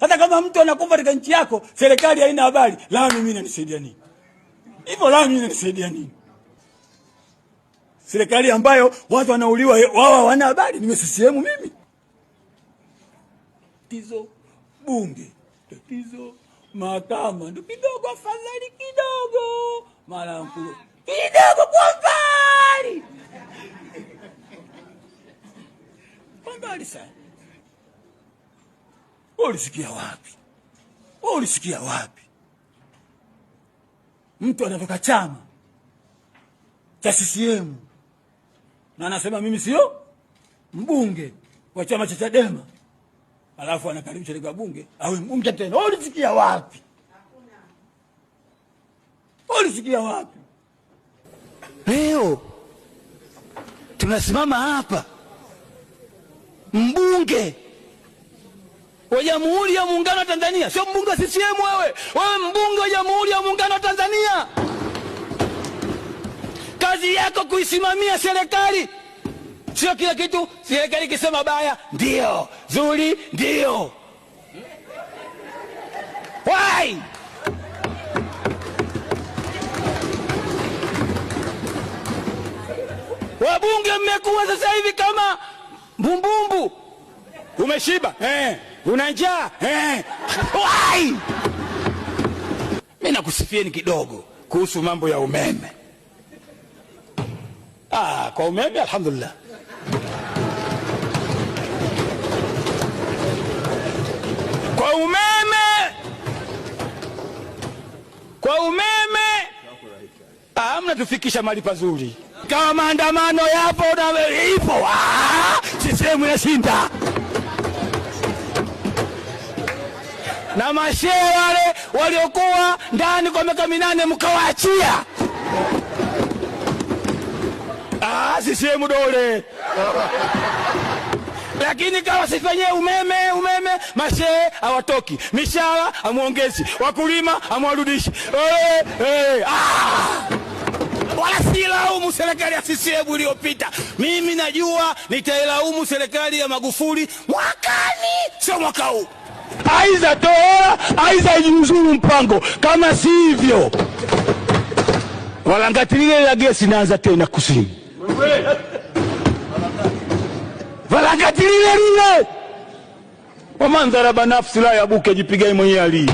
Hata kama mtu anakufa katika nchi yako, serikali haina habari, la mimi inanisaidia nini? Hivyo la mimi inanisaidia nini? Serikali ambayo watu wanauliwa wao hawana habari, nime CCM mimi. Tizo bunge, tizo mahakama, ndio kidogo, afadhali kidogo, mara kidogo kwa ulisikia wapi? ulisikia wapi? Mtu anatoka chama cha CCM na anasema mimi sio mbunge wa chama cha Chadema, alafu anakaribisha katika bunge awe mbunge tena. Ulisikia wapi? ulisikia wapi? Leo tunasimama hapa mbunge wa Jamhuri ya Muungano wa Tanzania, sio mbunge wa CCM. Wewe wewe mbunge wa Jamhuri ya Muungano wa Tanzania, kazi yako kuisimamia serikali, sio kila kitu serikali ikisema baya ndio zuri, ndio Why? wabunge mmekuwa sasa hivi kama mbumbumbu, umeshiba eh una njaa eh? Mi nakusifieni kidogo kuhusu mambo ya umeme. Ah, kwa umeme alhamdulillah. Kwa umeme, kwa umeme tufikisha mali pazuri, kama maandamano yapo na ipo, ah, sisehemu inashinda na mashehe wale waliokuwa ndani kwa miaka minane mkawaachia. Ah, sisiemu dole lakini kama sifanyie umeme umeme, mashehe hawatoki, mishahara amwongezi wakulima amwarudishi Hey, ee, hey, ee, ah! wala silaumu serikali ya CCM iliyopita. Mimi najua nitailaumu serikali ya Magufuli mwakani, sio mwaka huu aiza toa aiza ijiuzuru mpango. Kama si hivyo, Walangati la gesi naanza tena kusini, valangatilile lile lile wamandhara banafsi la yabuke jipigai mwenye alii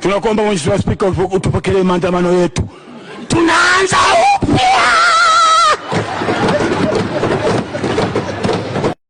Tunakuomba wa Spika, utupokelee maandamano yetu, tunaanza